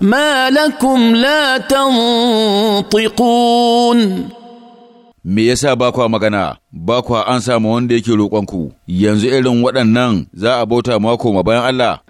ما لكم لا تنطقون Me yasa ba kwa magana, ba kwa an samu wanda yake roƙonku, yanzu irin waɗannan za a bauta mako ma bayan Allah.